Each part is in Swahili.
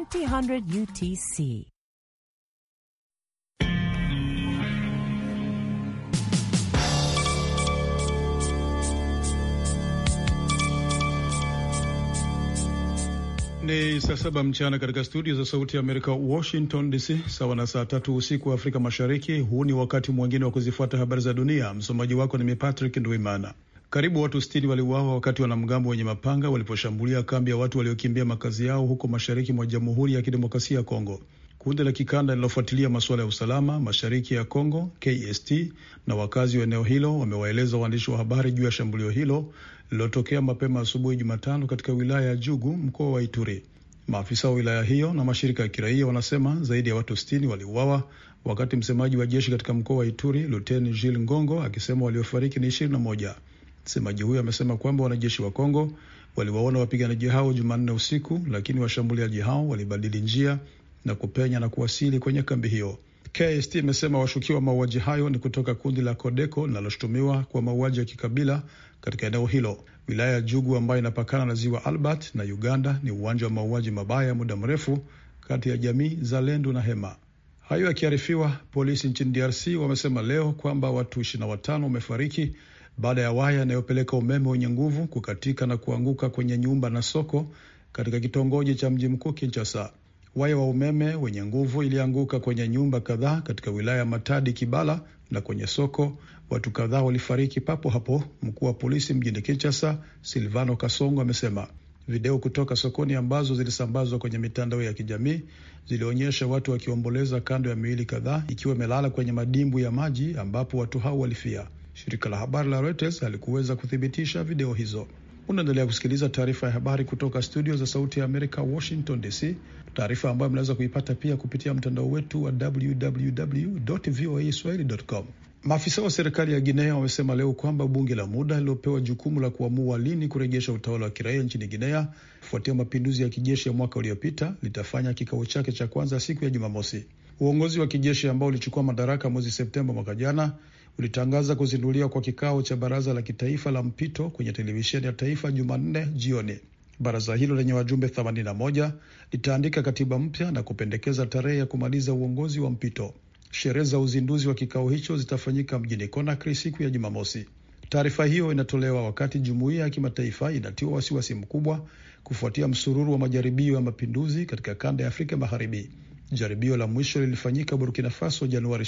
2000 UTC. Ni saa saba mchana katika studio za Sauti ya Amerika, Washington DC, sawa na saa tatu usiku wa Afrika Mashariki. Huu ni wakati mwingine wa kuzifuata habari za dunia. Msomaji wako ni mimi Patrick Ndwimana. Karibu watu sitini waliuawa wakati wanamgambo wenye mapanga waliposhambulia kambi ya watu waliokimbia makazi yao huko mashariki mwa Jamhuri ya Kidemokrasia ya Kongo. Kundi la kikanda linalofuatilia masuala ya usalama mashariki ya Kongo KST na wakazi wa eneo hilo wamewaeleza waandishi wa habari juu ya shambulio hilo lililotokea mapema asubuhi Jumatano katika wilaya ya Jugu, mkoa wa Ituri. Maafisa wa wilaya hiyo na mashirika ya kiraia wanasema zaidi ya watu sitini waliuawa, wakati msemaji wa jeshi katika mkoa wa Ituri Luteni Jil Ngongo akisema waliofariki ni ishirini na moja. Msemaji huyo amesema kwamba wanajeshi wa Kongo waliwaona wapiganaji hao Jumanne usiku, lakini washambuliaji hao walibadili njia na kupenya na kuwasili kwenye kambi hiyo. KST imesema washukiwa wa mauaji hayo ni kutoka kundi la Kodeko linaloshutumiwa kwa mauaji ya kikabila katika eneo hilo. Wilaya ya Jugu ambayo inapakana na ziwa Albert na Uganda ni uwanja wa mauaji mabaya ya muda mrefu kati ya jamii za Lendu na Hema. Hayo yakiarifiwa, polisi nchini DRC wamesema leo kwamba watu 25 wamefariki baada ya waya yanayopeleka umeme wenye nguvu kukatika na kuanguka kwenye nyumba na soko katika kitongoji cha mji mkuu Kinshasa. Waya wa umeme wenye nguvu ilianguka kwenye nyumba kadhaa katika wilaya ya Matadi, Kibala na kwenye soko. Watu kadhaa walifariki papo hapo. Mkuu wa polisi mjini Kinshasa, Silvano Kasongo, amesema video kutoka sokoni ambazo zilisambazwa kwenye mitandao ya kijamii zilionyesha watu wakiomboleza kando ya miili kadhaa ikiwa imelala kwenye madimbu ya maji ambapo watu hao walifia shirika la habari la Reuters halikuweza kuthibitisha video hizo. Unaendelea kusikiliza taarifa ya habari kutoka studio za Sauti ya Amerika, Washington DC, taarifa ambayo mnaweza kuipata pia kupitia mtandao wetu wa www.voaswahili.com. Maafisa wa serikali ya Guinea wamesema leo kwamba bunge la muda lilopewa jukumu la kuamua lini kurejesha utawala wa kiraia nchini Guinea kufuatia mapinduzi ya kijeshi ya mwaka uliopita litafanya kikao chake cha kwanza siku ya Jumamosi. Uongozi wa kijeshi ambao ulichukua madaraka mwezi Septemba mwaka jana ulitangaza kuzinduliwa kwa kikao cha baraza la kitaifa la mpito kwenye televisheni ya taifa Jumanne jioni. Baraza hilo lenye wajumbe 81 litaandika katiba mpya na kupendekeza tarehe ya kumaliza uongozi wa mpito. Sherehe za uzinduzi wa kikao hicho zitafanyika mjini Conakry siku ya Jumamosi. Taarifa hiyo inatolewa wakati jumuiya ya kimataifa inatiwa wasiwasi mkubwa kufuatia msururu wa majaribio ya mapinduzi katika kanda ya Afrika Magharibi. Jaribio la mwisho lilifanyika Burkina Faso Januari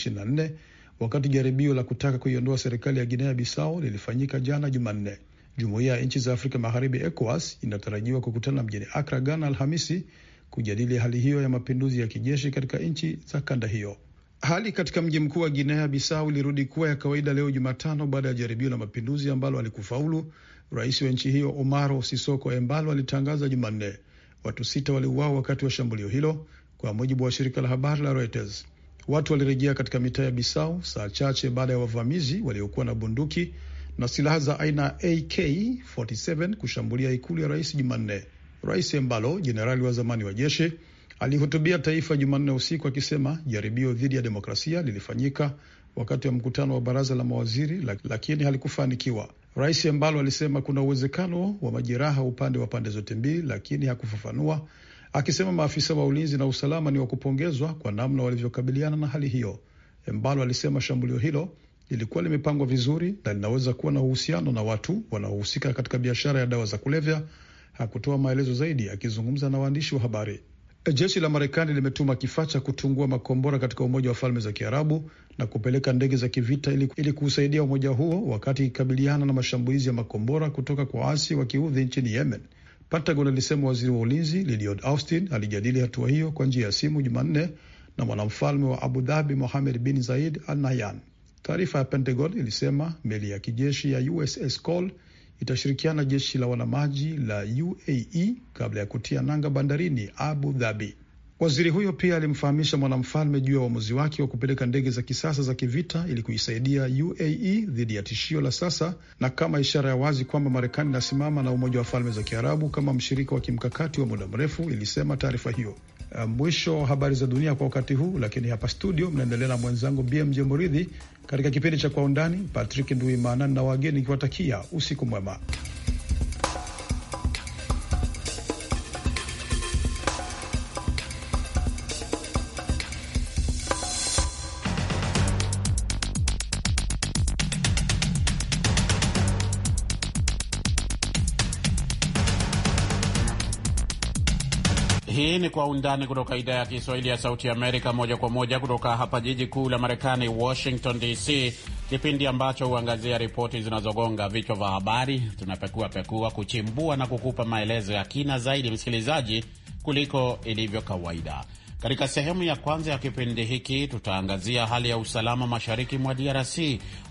wakati jaribio la kutaka kuiondoa serikali ya Guinea Bissau lilifanyika jana Jumanne. Jumuiya ya nchi za Afrika Magharibi, ECOWAS, inatarajiwa kukutana mjini Akra, Ghana, Alhamisi kujadili hali hiyo ya mapinduzi ya kijeshi katika nchi za kanda hiyo. Hali katika mji mkuu wa Guinea Bissau ilirudi kuwa ya kawaida leo Jumatano baada ya jaribio la mapinduzi ambalo alikufaulu. Rais wa nchi hiyo Omaro Sisoko Embalo alitangaza Jumanne watu sita waliuawa wakati wa shambulio hilo, kwa mujibu wa shirika la habari la Reuters. Watu walirejea katika mitaa ya Bisau saa chache baada ya wavamizi waliokuwa na bunduki na silaha za aina AK47 kushambulia ikulu ya rais Jumanne. Rais Embalo, jenerali wa zamani wa jeshi, alihutubia taifa Jumanne usiku akisema jaribio dhidi ya demokrasia lilifanyika wakati wa mkutano wa baraza la mawaziri lakini halikufanikiwa. Rais Embalo alisema kuna uwezekano wa majeraha upande wa pande zote mbili, lakini hakufafanua akisema maafisa wa ulinzi na usalama ni wa kupongezwa kwa namna walivyokabiliana na hali hiyo. Embalo alisema shambulio hilo lilikuwa limepangwa vizuri na linaweza kuwa na uhusiano na watu wanaohusika katika biashara ya dawa za kulevya. Hakutoa maelezo zaidi akizungumza na waandishi wa habari. Jeshi la Marekani limetuma kifaa cha kutungua makombora katika Umoja wa Falme za Kiarabu na kupeleka ndege za kivita ili kuusaidia umoja huo wakati ikikabiliana na mashambulizi ya makombora kutoka kwa waasi wa kiudhi nchini Yemen. Pentagon ilisema waziri wa ulinzi Lloyd Austin alijadili hatua hiyo kwa njia ya simu Jumanne na mwanamfalme wa Abu Dhabi mohamed bin Zaid Al Nahyan. Taarifa ya Pentagon ilisema meli ya kijeshi ya USS Cole itashirikiana jeshi la wanamaji la UAE kabla ya kutia nanga bandarini Abu Dhabi. Waziri huyo pia alimfahamisha mwanamfalme juu ya uamuzi wake wa kupeleka ndege za kisasa za kivita ili kuisaidia UAE dhidi ya tishio la sasa na kama ishara ya wazi kwamba Marekani inasimama na Umoja wa Falme za Kiarabu kama mshirika wa kimkakati wa muda mrefu, ilisema taarifa hiyo. Eh, mwisho wa habari za dunia kwa wakati huu, lakini hapa studio mnaendelea na mwenzangu BMJ Muridhi katika kipindi cha Kwa Undani. Patrick Nduimana na wageni nikiwatakia usiku mwema. kwa undani kutoka idhaa ya Kiswahili ya Sauti Amerika, moja kwa moja kutoka hapa jiji kuu la Marekani, Washington DC, kipindi ambacho huangazia ripoti zinazogonga vichwa vya habari. Tunapekua pekua, kuchimbua na kukupa maelezo ya kina zaidi, msikilizaji, kuliko ilivyo kawaida. Katika sehemu ya kwanza ya kipindi hiki tutaangazia hali ya usalama mashariki mwa DRC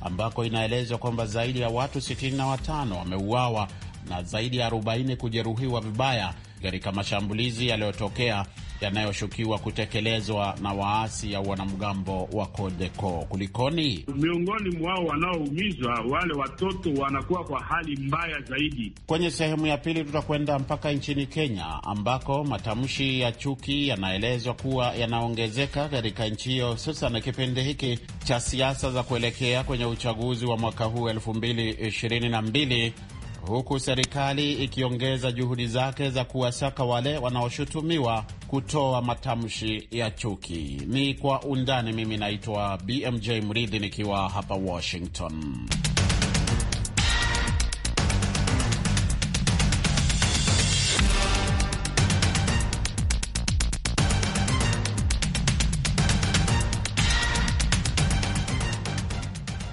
ambako inaelezwa kwamba zaidi ya watu 65 wameuawa na zaidi ya 40 kujeruhiwa vibaya katika mashambulizi yaliyotokea yanayoshukiwa kutekelezwa na waasi au wanamgambo wa Kodeko. Kulikoni, miongoni mwao wanaoumizwa wale watoto wanakuwa kwa hali mbaya zaidi. Kwenye sehemu ya pili, tutakwenda mpaka nchini Kenya ambako matamshi ya chuki yanaelezwa kuwa yanaongezeka katika nchi hiyo, na kipindi hiki cha siasa za kuelekea kwenye uchaguzi wa mwaka huu 2022 huku serikali ikiongeza juhudi zake za kuwasaka wale wanaoshutumiwa kutoa matamshi ya chuki. Ni kwa undani. Mimi naitwa BMJ Mridhi nikiwa hapa Washington.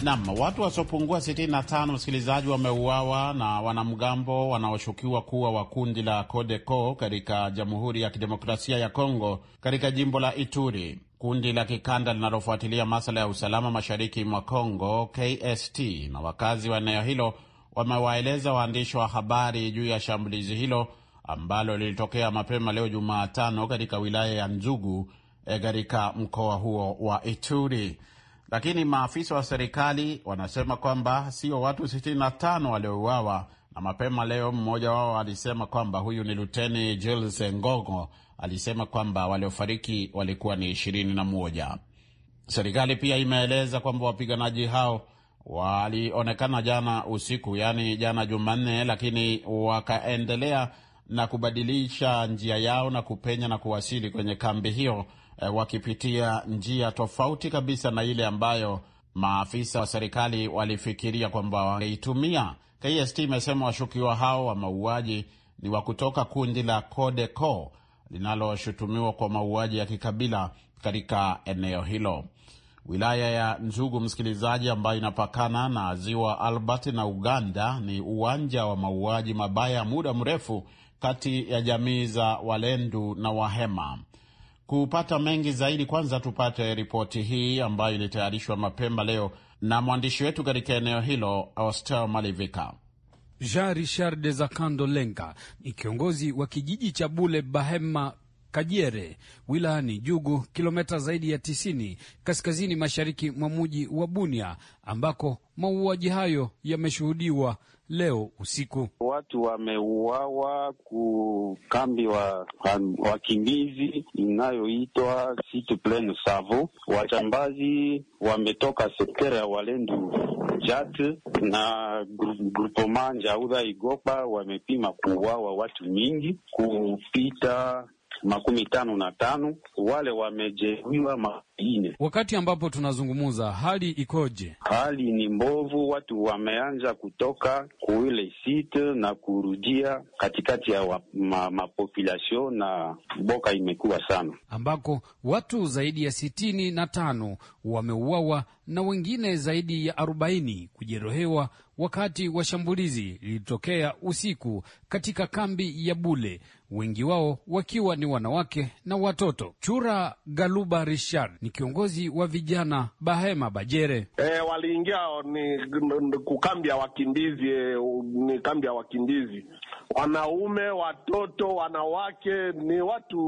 Nam, watu wasiopungua 65 msikilizaji, wameuawa na wanamgambo wanaoshukiwa kuwa wa kundi la Codeco katika Jamhuri ya Kidemokrasia ya Kongo, katika jimbo la Ituri. Kundi la kikanda linalofuatilia masuala ya usalama mashariki mwa Kongo, KST, na wakazi wa eneo hilo wamewaeleza waandishi wa habari juu ya shambulizi hilo ambalo lilitokea mapema leo Jumatano katika wilaya ya Nzugu eh, katika mkoa huo wa Ituri lakini maafisa wa serikali wanasema kwamba sio watu 65 waliouawa, na mapema leo mmoja wao alisema kwamba huyu ni Luteni Jules Ngogo alisema kwamba waliofariki walikuwa ni ishirini na moja. Serikali pia imeeleza kwamba wapiganaji hao walionekana jana usiku, yaani jana Jumanne, lakini wakaendelea na kubadilisha njia yao na kupenya na kuwasili kwenye kambi hiyo eh, wakipitia njia tofauti kabisa na ile ambayo maafisa wa serikali walifikiria kwamba wangeitumia. KST imesema washukiwa hao wa mauaji ni wa kutoka kundi la CODECO linaloshutumiwa kwa mauaji ya kikabila katika eneo hilo. Wilaya ya Nzugu, msikilizaji, ambayo inapakana na ziwa Albert na Uganda, ni uwanja wa mauaji mabaya muda mrefu kati ya jamii za Walendu na Wahema. Kupata mengi zaidi, kwanza tupate ripoti hii ambayo ilitayarishwa mapema leo na mwandishi wetu katika eneo hilo Austel Malivika. Jean Richard de Zakando Lenga ni kiongozi wa kijiji cha Bule Bahema Kajere wilayani Jugu, kilometa zaidi ya tisini kaskazini mashariki mwa muji wa Bunia ambako mauaji hayo yameshuhudiwa leo usiku. Watu wameuawa ku kambi wa wakimbizi inayoitwa Site Pleine Savo. Wajambazi wametoka sektere ya Walendu Jat na Grupoma Njauda Igopa, wamepima kuuawa watu mingi kupita makumi tano na tano wale wamejeruhiwa maine. Wakati ambapo tunazungumza, hali ikoje? Hali ni mbovu, watu wameanza kutoka kuile site na kurudia katikati ya mapopulasio na boka imekuwa sana, ambako watu zaidi ya sitini na tano wameuawa na wengine zaidi ya arobaini kujeruhiwa wakati wa shambulizi lilitokea usiku katika kambi ya Bule wengi wao wakiwa ni wanawake na watoto. Chura Galuba Richard ni kiongozi wa vijana Bahema Bajere. E, waliingia ni kukambi ya wakimbizi, e, ni kambi ya wakimbizi wanaume, watoto, wanawake, ni watu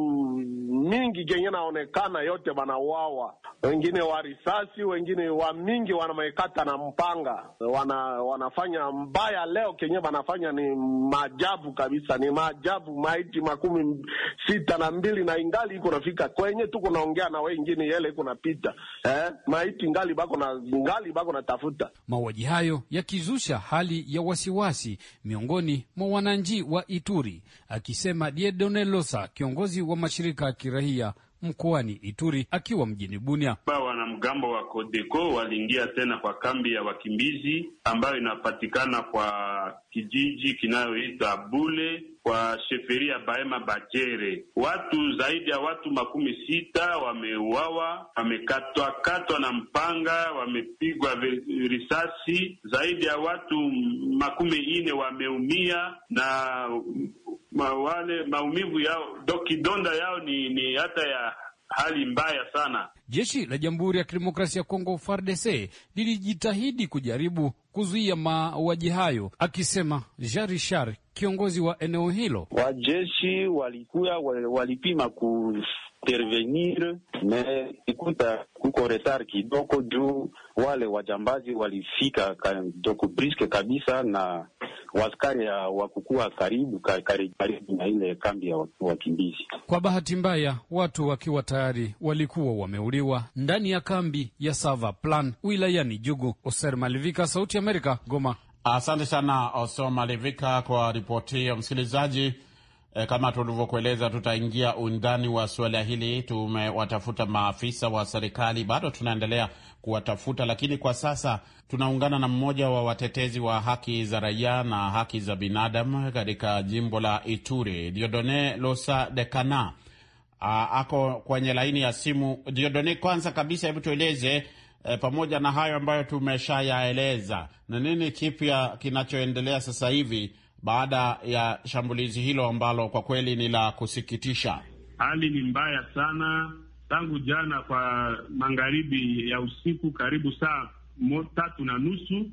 mingi kenye naonekana, yote banauawa, wengine wa risasi, wengine wa mingi wanamekata na mpanga. Wana, wanafanya mbaya leo, kenye wanafanya ni maajabu kabisa, ni maajabu. Maiti makumi sita na mbili na ingali iko nafika kwenye tu kunaongea na wengine, yele iko napita eh? maiti ngali bako na ngali bako natafuta. Mauaji hayo yakizusha hali ya wasiwasi miongoni mwa wananchi mji wa Ituri, akisema Diedone Losa, kiongozi wa mashirika ya kiraia mkoani Ituri akiwa mjini Bunia. Wanamgambo wa Kodeko waliingia tena kwa kambi ya wakimbizi ambayo inapatikana kwa kijiji kinayoitwa Bule kwa ya Bahema Bajere. Watu zaidi ya watu makumi sita wameuawa, wamekatwakatwa na mpanga, wamepigwa risasi. Zaidi ya watu makumi nne wameumia na wale maumivu yao dokidonda yao ni, ni hata ya hali mbaya sana. Jeshi la Jamhuri ya Kidemokrasia ya Kongo FARDC lilijitahidi kujaribu kuzuia mauaji hayo, akisema Jean Richard, kiongozi wa eneo hilo. Wajeshi walikuwa walipima ku intervenir me ikuta kuko retard kidogo, juu wale wajambazi walifika ka, briske kabisa na waskari ah, wakukua karibu karibu na ile kambi ya wakimbizi. Kwa bahati mbaya, watu wakiwa tayari walikuwa wameuliwa ndani ya kambi ya Sava Plan wilayani Jugu. Oser Malivika, Sauti Amerika, Goma. Asante sana Oser Malivika kwa ripoti hiyo, msikilizaji. Eh, kama tulivyokueleza, tutaingia undani wa suala hili. Tumewatafuta maafisa wa serikali, bado tunaendelea kuwatafuta, lakini kwa sasa tunaungana na mmoja wa watetezi wa haki za raia na haki za binadamu katika jimbo la Ituri, Diodone Losa de cana ah, Ako kwenye laini ya simu. Diodone, kwanza kabisa, hebu tueleze e, pamoja na hayo ambayo tumeshayaeleza, na nini kipya kinachoendelea sasa hivi baada ya shambulizi hilo ambalo kwa kweli ni la kusikitisha. Hali ni mbaya sana tangu jana kwa magharibi ya usiku, karibu saa tatu na nusu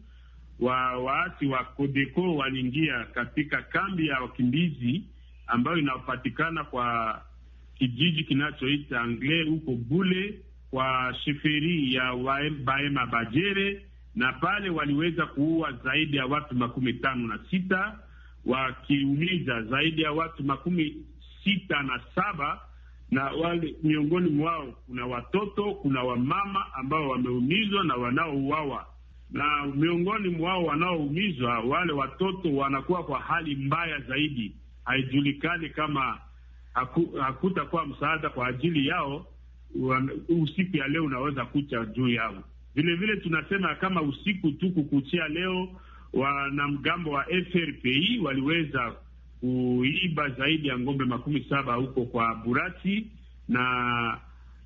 wa waasi wa Kodeko waliingia katika kambi ya wakimbizi ambayo inapatikana kwa kijiji kinachoita Anglais huko Bule kwa sheferi ya Baema Bajere, na pale waliweza kuua zaidi ya watu makumi tano na sita wakiumiza zaidi ya watu makumi sita na saba na wale miongoni mwao kuna watoto, kuna wamama ambao wameumizwa na wanaouawa, na miongoni mwao wanaoumizwa, wale watoto wanakuwa kwa hali mbaya zaidi. Haijulikani kama haku, hakutakuwa msaada kwa ajili yao usiku ya leo unaweza kucha juu yao. Vilevile tunasema kama usiku tu kukuchia leo wanamgambo wa FRPI waliweza kuiba zaidi ya ng'ombe makumi saba huko kwa Burati, na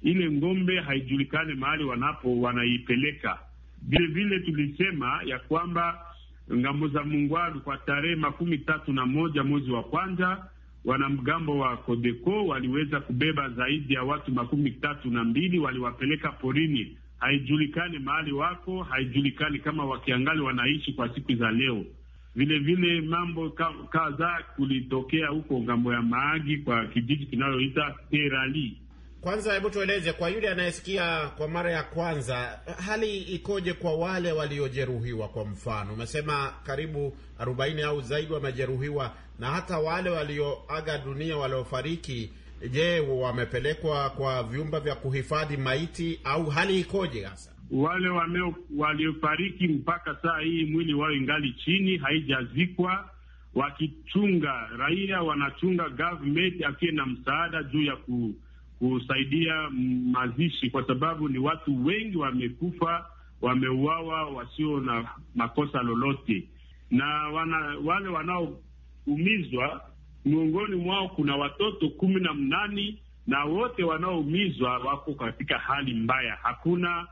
ile ng'ombe haijulikane mahali wanapo wanaipeleka. Vile vile tulisema ya kwamba ngambo za Mungwaru kwa tarehe makumi tatu na moja mwezi wa kwanza wanamgambo wa Kodeko waliweza kubeba zaidi ya watu makumi tatu na mbili waliwapeleka porini haijulikani mahali wako, haijulikani kama wakiangali wanaishi kwa siku za leo. Vilevile mambo kadhaa kulitokea huko ngambo ya Maagi kwa kijiji kinayoita Terali. Kwanza hebu tueleze kwa yule anayesikia kwa mara ya kwanza, hali ikoje kwa wale waliojeruhiwa? Kwa mfano, umesema karibu arobaini au zaidi wamejeruhiwa, na hata wale walioaga dunia waliofariki Je, wamepelekwa kwa vyumba vya kuhifadhi maiti au hali ikoje hasa? Wale waliofariki mpaka saa hii mwili wao ingali chini, haijazikwa wakichunga raia, wanachunga government akiwe na msaada juu ya ku, kusaidia mazishi, kwa sababu ni watu wengi wamekufa, wameuawa wasio na makosa lolote, na wana, wale wanaoumizwa miongoni mwao kuna watoto kumi na mnani na wote wanaoumizwa wako katika hali mbaya. Hakuna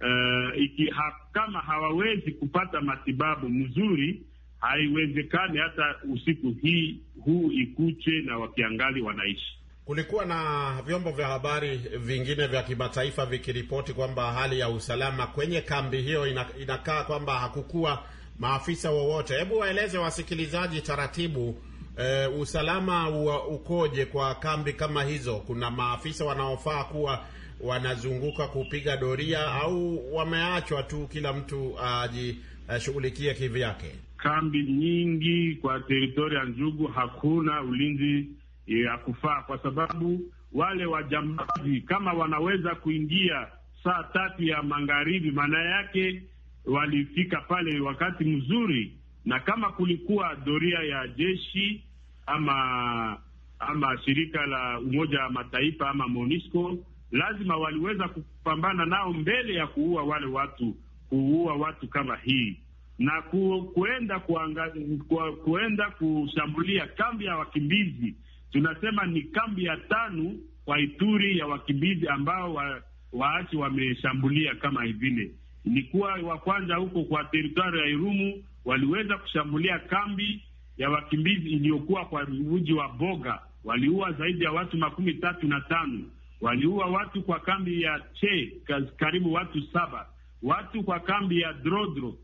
uh, iki, ha, kama hawawezi kupata matibabu mzuri, haiwezekani hata usiku hii huu ikuche na wakiangali wanaishi. Kulikuwa na vyombo vya habari vingine vya kimataifa vikiripoti kwamba hali ya usalama kwenye kambi hiyo inakaa kwamba hakukuwa maafisa wowote. Hebu waeleze wasikilizaji taratibu e, usalama wa ukoje kwa kambi kama hizo? Kuna maafisa wanaofaa kuwa wanazunguka kupiga doria au wameachwa tu kila mtu ajishughulikie kivyake? Kambi nyingi kwa teritori ya Njugu hakuna ulinzi eh, ya kufaa, kwa sababu wale wajambazi kama wanaweza kuingia saa tatu ya magharibi, maana yake walifika pale wakati mzuri na kama kulikuwa doria ya jeshi ama ama shirika la Umoja wa Mataifa ama MONUSCO, lazima waliweza kupambana nao mbele ya kuua wale watu, kuua watu kama hii na ku, kuenda kuanga, ku, kuenda kushambulia kambi ya wakimbizi. Tunasema ni kambi ya tano kwa Ituri ya wakimbizi ambao wa, waasi wameshambulia kama hivile. Ni kuwa wa kwanza huko kwa teritwari ya Irumu waliweza kushambulia kambi ya wakimbizi iliyokuwa kwa mji wa Boga. Waliua zaidi ya watu makumi tatu na tano. Waliua watu kwa kambi ya Che karibu watu saba, watu kwa kambi ya Drodro,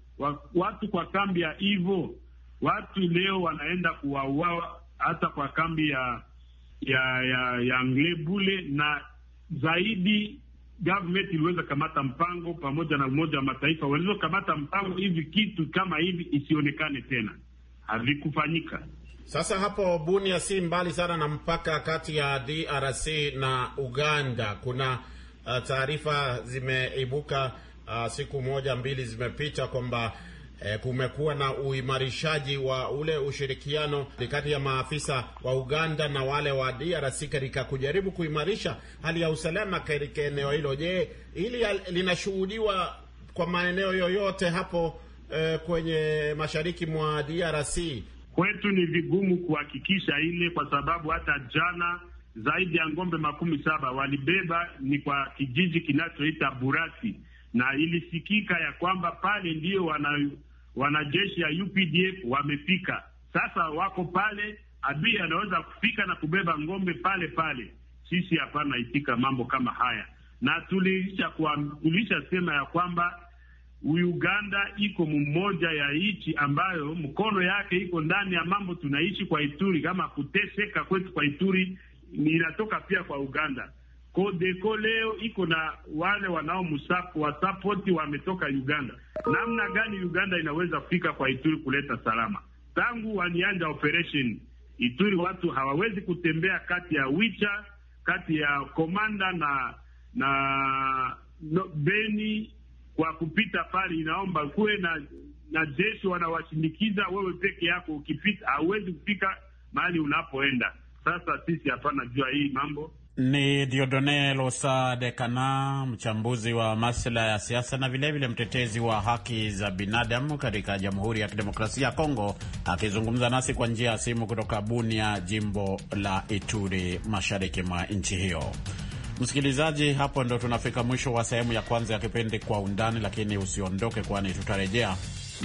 watu kwa kambi ya Ivo. Watu leo wanaenda kuwaua hata kwa kambi ya ya ya, ya Nglebule na zaidi government iliweza kamata mpango pamoja na Umoja wa Mataifa walizokamata mpango hivi kitu kama hivi isionekane tena, havikufanyika. Sasa hapo Bunia si mbali sana na mpaka kati ya DRC na Uganda. Kuna uh, taarifa zimeibuka uh, siku moja mbili zimepita kwamba e, kumekuwa na uimarishaji wa ule ushirikiano kati ya maafisa wa Uganda na wale wa DRC katika kujaribu kuimarisha hali ya usalama katika eneo hilo. Je, hili linashuhudiwa kwa maeneo yoyote hapo e, kwenye mashariki mwa DRC? Kwetu ni vigumu kuhakikisha ile, kwa sababu hata jana zaidi ya ng'ombe makumi saba walibeba, ni kwa kijiji kinachoita Burasi na ilisikika ya kwamba pale ndiyo wana, wanajeshi ya UPDF wamefika. Sasa wako pale, adui anaweza kufika na kubeba ngombe pale pale. Sisi hapana itika mambo kama haya, na tulisha kuulisha sema ya kwamba Uganda iko mmoja ya nchi ambayo mkono yake iko ndani ya mambo tunaishi kwa Ituri, kama kuteseka kwetu kwa Ituri inatoka pia kwa Uganda. Kodeko leo iko na wale wanaowasapoti wametoka Uganda. Namna gani Uganda inaweza kufika kwa Ituri kuleta salama? Tangu walianja operation Ituri, watu hawawezi kutembea kati ya Wicha, kati ya Komanda na na no, Beni kwa kupita pale, inaomba kuwe na na jeshi wanawashindikiza. Wewe peke yako ukipita hauwezi kufika mahali unapoenda. Sasa sisi hapana jua hii mambo ni Diodone Losa de Cana, mchambuzi wa masuala ya siasa na vilevile mtetezi wa haki za binadamu katika Jamhuri ya Kidemokrasia ya Kongo, akizungumza nasi kwa njia ya simu kutoka Bunia, jimbo la Ituri, mashariki mwa nchi hiyo. Msikilizaji, hapo ndo tunafika mwisho wa sehemu ya kwanza ya kipindi Kwa Undani, lakini usiondoke, kwani tutarejea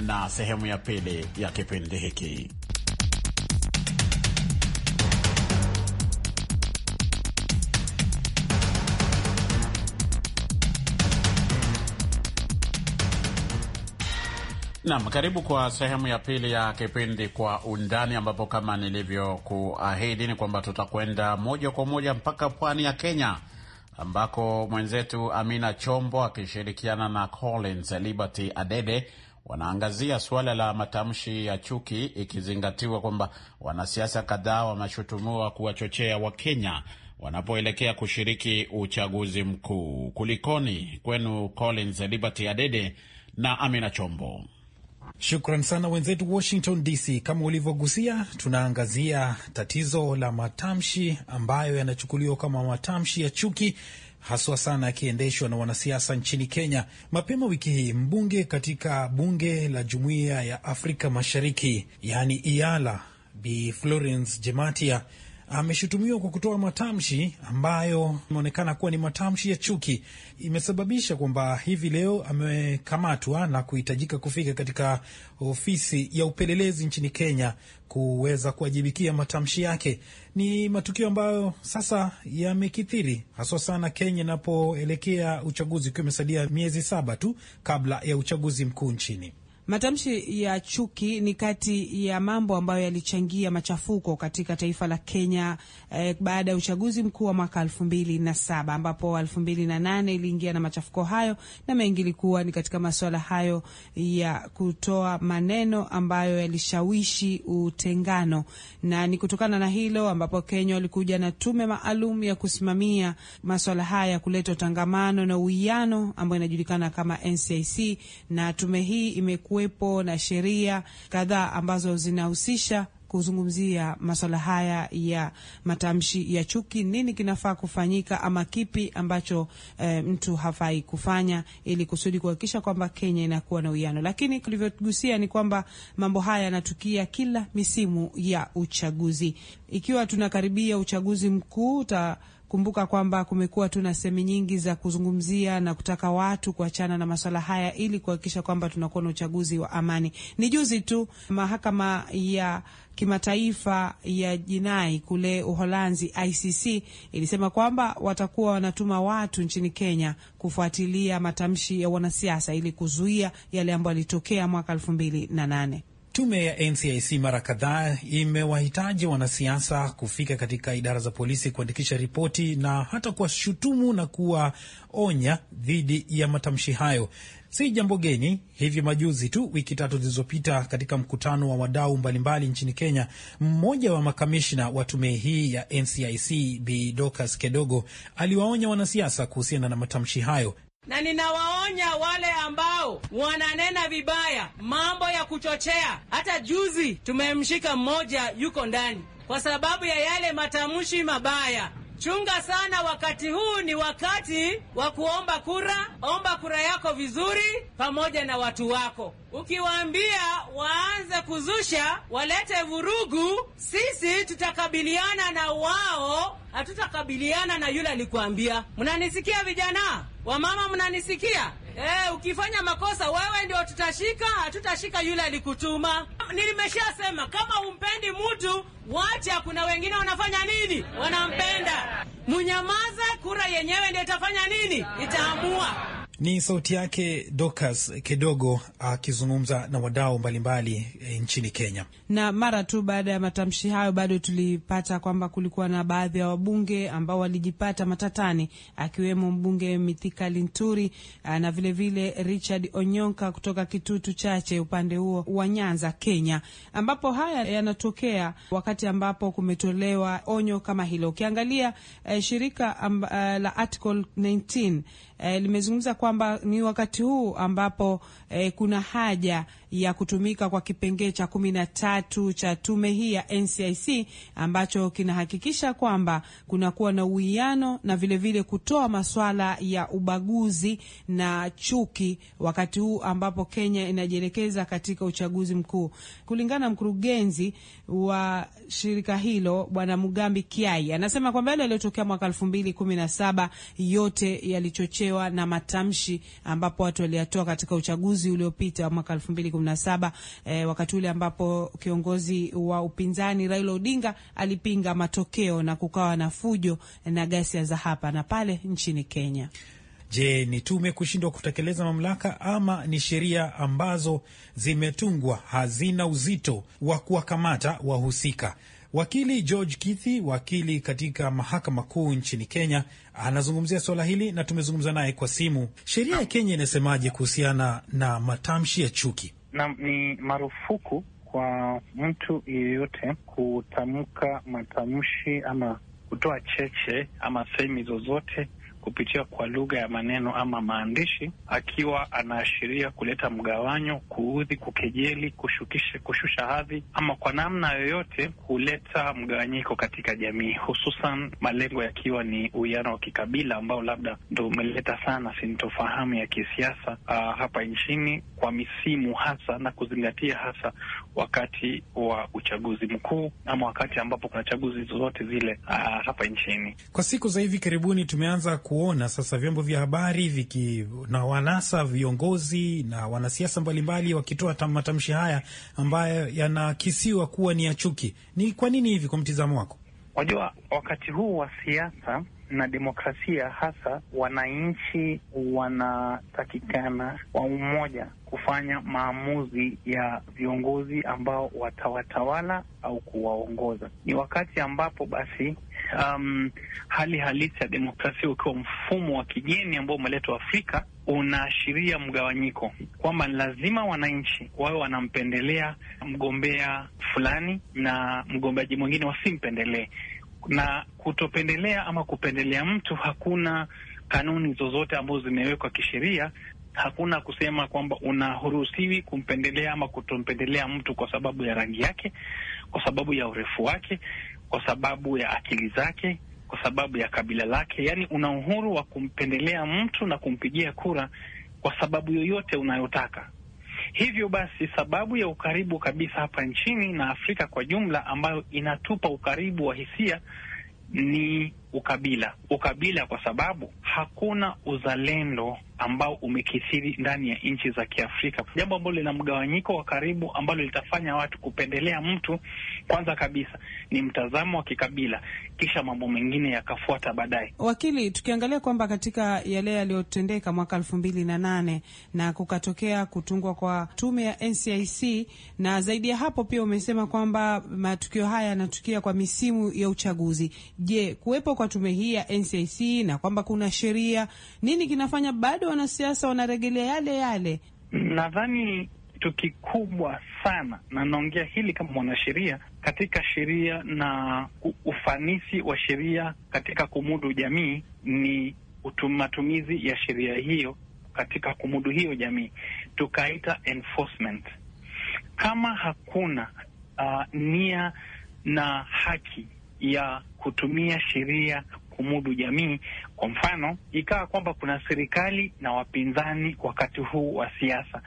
na sehemu ya pili ya kipindi hiki. Nam, karibu kwa sehemu ya pili ya kipindi Kwa Undani, ambapo kama nilivyokuahidi ni kwamba tutakwenda moja kwa moja mpaka pwani ya Kenya ambako mwenzetu Amina Chombo akishirikiana na Collins Liberty Adede wanaangazia suala la matamshi ya chuki, ikizingatiwa kwamba wanasiasa kadhaa wameshutumiwa kuwachochea Wakenya wanapoelekea kushiriki uchaguzi mkuu. Kulikoni kwenu, Collins Liberty Adede na Amina Chombo? Shukran sana wenzetu Washington DC. Kama ulivyogusia, tunaangazia tatizo la matamshi ambayo yanachukuliwa kama matamshi ya chuki haswa sana yakiendeshwa na wanasiasa nchini Kenya. Mapema wiki hii mbunge katika bunge la Jumuiya ya Afrika Mashariki, yaani IALA, Bi Florence Jematia ameshutumiwa kwa kutoa matamshi ambayo imeonekana kuwa ni matamshi ya chuki. Imesababisha kwamba hivi leo amekamatwa na kuhitajika kufika katika ofisi ya upelelezi nchini Kenya kuweza kuwajibikia matamshi yake. Ni matukio ambayo sasa yamekithiri haswa sana Kenya inapoelekea uchaguzi, ukiwa imesalia miezi saba tu kabla ya uchaguzi mkuu nchini. Matamshi ya chuki ni kati ya mambo ambayo yalichangia machafuko katika taifa la Kenya eh, baada ya uchaguzi mkuu wa mwaka elfu mbili na saba ambapo elfu mbili na nane iliingia na machafuko hayo, na mengi ilikuwa ni katika masuala hayo ya kutoa maneno ambayo yalishawishi utengano, na ni kutokana na hilo ambapo Kenya walikuja na tume maalum ya kusimamia masuala haya ya kuleta utangamano na uwiano ambayo inajulikana kama NCIC, na tume hii imekuwa kuwepo na sheria kadhaa ambazo zinahusisha kuzungumzia masuala haya ya matamshi ya chuki. Nini kinafaa kufanyika ama kipi ambacho e, mtu hafai kufanya ili kusudi kuhakikisha kwamba Kenya inakuwa na uwiano. Lakini tulivyogusia ni kwamba mambo haya yanatukia kila misimu ya uchaguzi. Ikiwa tunakaribia uchaguzi mkuu Kumbuka kwamba kumekuwa tu na semi nyingi za kuzungumzia na kutaka watu kuachana na masuala haya ili kuhakikisha kwamba tunakuwa na uchaguzi wa amani. Ni juzi tu mahakama ya kimataifa ya jinai kule Uholanzi, ICC, ilisema kwamba watakuwa wanatuma watu nchini Kenya kufuatilia matamshi ya wanasiasa ili kuzuia yale ambayo yalitokea mwaka elfu mbili na nane. Tume ya NCIC mara kadhaa imewahitaji wanasiasa kufika katika idara za polisi kuandikisha ripoti na hata kuwashutumu na kuwaonya dhidi ya matamshi hayo. Si jambo geni. Hivi majuzi tu, wiki tatu zilizopita, katika mkutano wa wadau mbalimbali nchini Kenya, mmoja wa makamishna wa tume hii ya NCIC Bi Dorcas Kedogo aliwaonya wanasiasa kuhusiana na matamshi hayo na ninawaonya wale ambao wananena vibaya mambo ya kuchochea. Hata juzi tumemshika mmoja, yuko ndani kwa sababu ya yale matamshi mabaya. Chunga sana, wakati huu ni wakati wa kuomba kura. Omba kura yako vizuri, pamoja na watu wako. Ukiwaambia waanze kuzusha, walete vurugu, sisi tutakabiliana na wao, hatutakabiliana na yule alikuambia. Mnanisikia vijana? Wamama mnanisikia? Eh, ukifanya makosa wewe ndio tutashika, hatutashika yule alikutuma. Nilimeshasema kama umpendi mtu wacha, kuna wengine wanafanya nini? Wanampenda. Munyamaza, kura yenyewe ndio itafanya nini? Itaamua. Ni sauti yake Dokas Kedogo akizungumza na wadau mbalimbali e, nchini Kenya. Na mara tu baada ya matamshi hayo, bado tulipata kwamba kulikuwa na baadhi ya wabunge ambao walijipata matatani, akiwemo mbunge Mithika Linturi na vilevile vile Richard Onyonka kutoka Kitutu Chache upande huo wa Nyanza, Kenya, ambapo haya yanatokea wakati ambapo kumetolewa onyo kama hilo. Ukiangalia e, shirika amba, e, la Article 19 e, limezungumza kwa kwamba ni wakati huu ambapo eh, kuna haja ya kutumika kwa kipengee cha kumi na tatu cha tume hii ya NCIC ambacho kinahakikisha kwamba kunakuwa na uwiano na vilevile kutoa maswala ya ubaguzi na chuki, wakati huu ambapo Kenya inajielekeza katika uchaguzi mkuu. Kulingana na mkurugenzi wa shirika hilo Bwana Mugambi Kiai, anasema kwamba yale yaliyotokea mwaka elfu mbili kumi na saba yote yalichochewa na matamshi ambapo watu waliyatoa katika uchaguzi uliopita mwaka elfu mbili 2017 eh, wakati ule ambapo kiongozi wa upinzani Raila Odinga alipinga matokeo na kukawa na fujo na ghasia za hapa na pale nchini Kenya. Je, ni tume kushindwa kutekeleza mamlaka ama ni sheria ambazo zimetungwa hazina uzito wa kuwakamata wahusika? Wakili George Kithi, wakili katika mahakama kuu nchini Kenya, anazungumzia suala hili na tumezungumza naye kwa simu. Sheria ya Kenya inasemaje kuhusiana na matamshi ya chuki? na ni marufuku kwa mtu yeyote kutamka matamshi ama kutoa cheche ama sehemu zozote kupitia kwa lugha ya maneno ama maandishi, akiwa anaashiria kuleta mgawanyo, kuudhi, kukejeli, kushukisha, kushusha hadhi ama kwa namna yoyote kuleta mgawanyiko katika jamii, hususan malengo yakiwa ni uwiano wa kikabila ambao labda ndo umeleta sana sintofahamu ya kisiasa uh, hapa nchini kwa misimu hasa, na kuzingatia hasa wakati wa uchaguzi mkuu ama wakati ambapo kuna chaguzi zozote zile uh, hapa nchini. Kwa siku za hivi karibuni tumeanza ku kuona sasa vyombo vya habari viki na wanasa viongozi na wanasiasa mbalimbali wakitoa matamshi haya ambayo yanakisiwa kuwa ni ya chuki. Ni kwa nini hivi, kwa mtizamo wako? Wajua, wakati huu wa siasa na demokrasia, hasa wananchi wanatakikana kwa umoja kufanya maamuzi ya viongozi ambao watawatawala au kuwaongoza. Ni wakati ambapo basi um, hali halisi ya demokrasia ukiwa mfumo wa kigeni ambao umeletwa Afrika unaashiria mgawanyiko, kwamba lazima wananchi wawe wanampendelea mgombea fulani na mgombeaji mwingine wasimpendelee na kutopendelea ama kupendelea mtu, hakuna kanuni zozote ambazo zimewekwa kisheria. Hakuna kusema kwamba unaruhusiwi kumpendelea ama kutompendelea mtu kwa sababu ya rangi yake, kwa sababu ya urefu wake, kwa sababu ya akili zake, kwa sababu ya kabila lake. Yaani una uhuru wa kumpendelea mtu na kumpigia kura kwa sababu yoyote unayotaka. Hivyo basi, sababu ya ukaribu kabisa hapa nchini na Afrika kwa jumla, ambayo inatupa ukaribu wa hisia ni ukabila. Ukabila kwa sababu hakuna uzalendo ambao umekithiri ndani ya nchi za Kiafrika, jambo ambalo lina mgawanyiko wa karibu, ambalo litafanya watu kupendelea mtu. Kwanza kabisa ni mtazamo wa kikabila, kisha mambo mengine yakafuata baadaye. Wakili, tukiangalia kwamba katika yale yaliyotendeka mwaka elfu mbili na nane na kukatokea kutungwa kwa tume ya NCIC, na zaidi ya hapo pia umesema kwamba matukio haya yanatukia kwa misimu ya uchaguzi. Je, kuwepo kwa tume hii ya NCC na kwamba kuna sheria. Nini kinafanya bado wanasiasa wanaregelea yale yale? Nadhani kitu kikubwa sana, na naongea hili kama mwanasheria, katika sheria na ufanisi wa sheria katika kumudu jamii ni matumizi ya sheria hiyo katika kumudu hiyo jamii, tukaita enforcement. Kama hakuna uh, nia na haki ya kutumia sheria kumudu jamii. Kwa mfano, ikawa kwamba kuna serikali na wapinzani wakati huu wa siasa.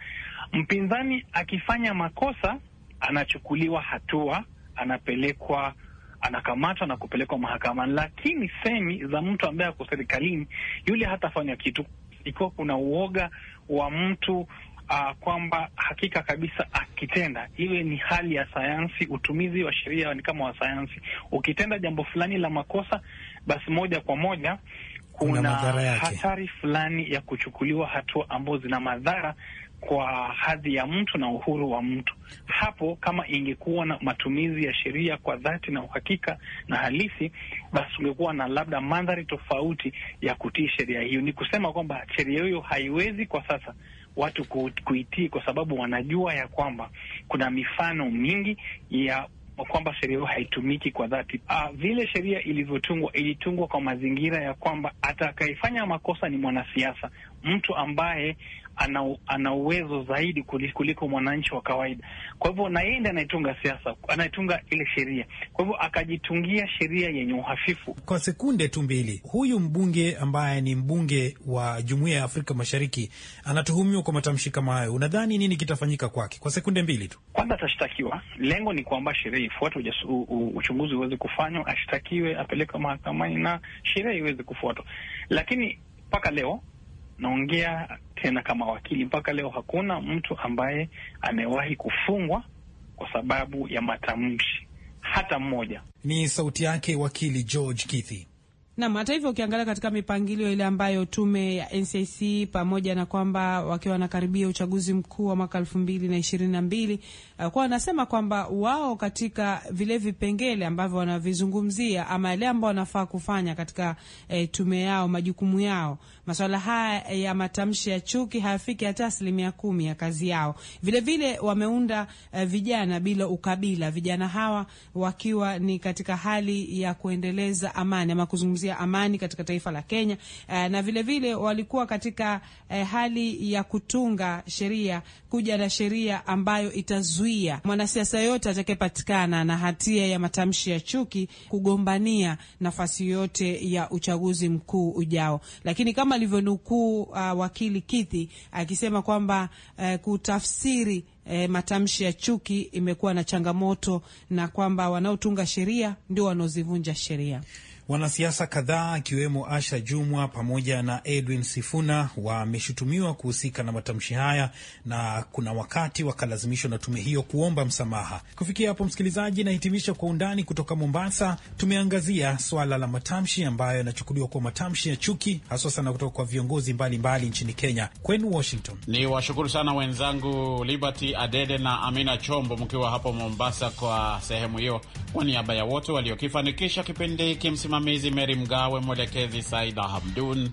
Mpinzani akifanya makosa anachukuliwa hatua, anapelekwa, anakamatwa na kupelekwa mahakamani, lakini semi za mtu ambaye ako serikalini, yule hatafanya kitu. Ikiwa kuna uoga wa mtu uh, kwamba hakika kabisa akitenda, iwe ni hali ya sayansi, utumizi wa sheria ni kama wa sayansi, ukitenda jambo fulani la makosa, basi moja kwa moja kuna hatari fulani ya kuchukuliwa hatua ambazo zina madhara kwa hadhi ya mtu na uhuru wa mtu. Hapo kama ingekuwa na matumizi ya sheria kwa dhati na uhakika na halisi, basi tungekuwa na labda mandhari tofauti ya kutii sheria hiyo. Ni kusema kwamba sheria hiyo haiwezi kwa sasa watu kuitii, kwa sababu wanajua ya kwamba kuna mifano mingi ya kwamba sheria hiyo haitumiki kwa dhati. Ah, vile sheria ilivyotungwa ilitungwa kwa mazingira ya kwamba atakayefanya makosa ni mwanasiasa mtu ambaye ana uwezo zaidi kuliko mwananchi wa kawaida. Kwa hivyo na yeye ndiye anayetunga siasa, anayetunga ile sheria. Kwa hivyo akajitungia sheria yenye uhafifu. Kwa sekunde tu mbili, huyu mbunge ambaye ni mbunge wa Jumuiya ya Afrika Mashariki anatuhumiwa kwa matamshi kama hayo, unadhani nini kitafanyika kwake? Kwa sekunde mbili tu. Kwanza atashtakiwa, lengo ni kwamba sheria ifuatwe, uchunguzi uweze kufanywa, ashtakiwe, apelekwe mahakamani na sheria iweze kufuatwa, lakini mpaka leo naongea tena kama wakili, mpaka leo hakuna mtu ambaye amewahi kufungwa kwa sababu ya matamshi hata mmoja. Ni sauti yake wakili George Kithi. Na hata hivyo ukiangalia katika mipangilio ile ambayo tume ya NCC pamoja na kwamba wakiwa wanakaribia uchaguzi mkuu wa mwaka elfu mbili na ishirini na mbili uh, kwa wanasema kwamba wao katika vile vipengele ambavyo wanavizungumzia ama yale ambao wanafaa kufanya katika e, tume yao majukumu yao, masuala haya ya matamshi ya chuki hayafiki hata asilimia kumi ya kazi yao. Vile vile wameunda e, vijana bila ukabila, vijana hawa wakiwa ni katika hali ya kuendeleza amani ama kuzungumzia mazungumzo ya amani katika taifa la Kenya eh, na vilevile vile walikuwa katika eh, hali ya kutunga sheria, kuja na sheria ambayo itazuia mwanasiasa yote atakayepatikana na hatia ya matamshi ya chuki kugombania nafasi yote ya uchaguzi mkuu ujao. Lakini kama alivyonukuu uh, wakili Kithi akisema uh, kwamba uh, kutafsiri E, matamshi ya chuki imekuwa na changamoto na kwamba wanaotunga sheria ndio wanaozivunja sheria. Wanasiasa kadhaa akiwemo Asha Jumwa pamoja na Edwin Sifuna wameshutumiwa kuhusika na matamshi haya na kuna wakati wakalazimishwa na tume hiyo kuomba msamaha. Kufikia hapo, msikilizaji, nahitimisha Kwa Undani kutoka Mombasa. Tumeangazia swala la matamshi ambayo yanachukuliwa kuwa matamshi ya chuki, haswa sana kutoka kwa viongozi mbalimbali mbali nchini Kenya. Kwenu Washington, ni washukuru sana wenzangu Liberty Adede na Amina Chombo mkiwa hapo Mombasa kwa sehemu hiyo. Kwa niaba ya wote waliokifanikisha kipindi hiki Msimamizi Meri Mgawe, mwelekezi Saida Hamdun.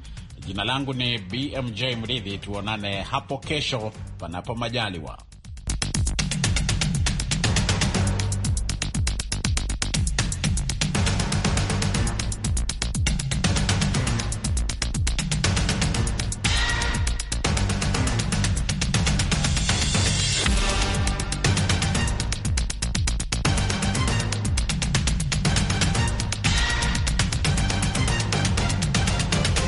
Jina langu ni BMJ Mridhi. Tuonane hapo kesho, panapo majaliwa.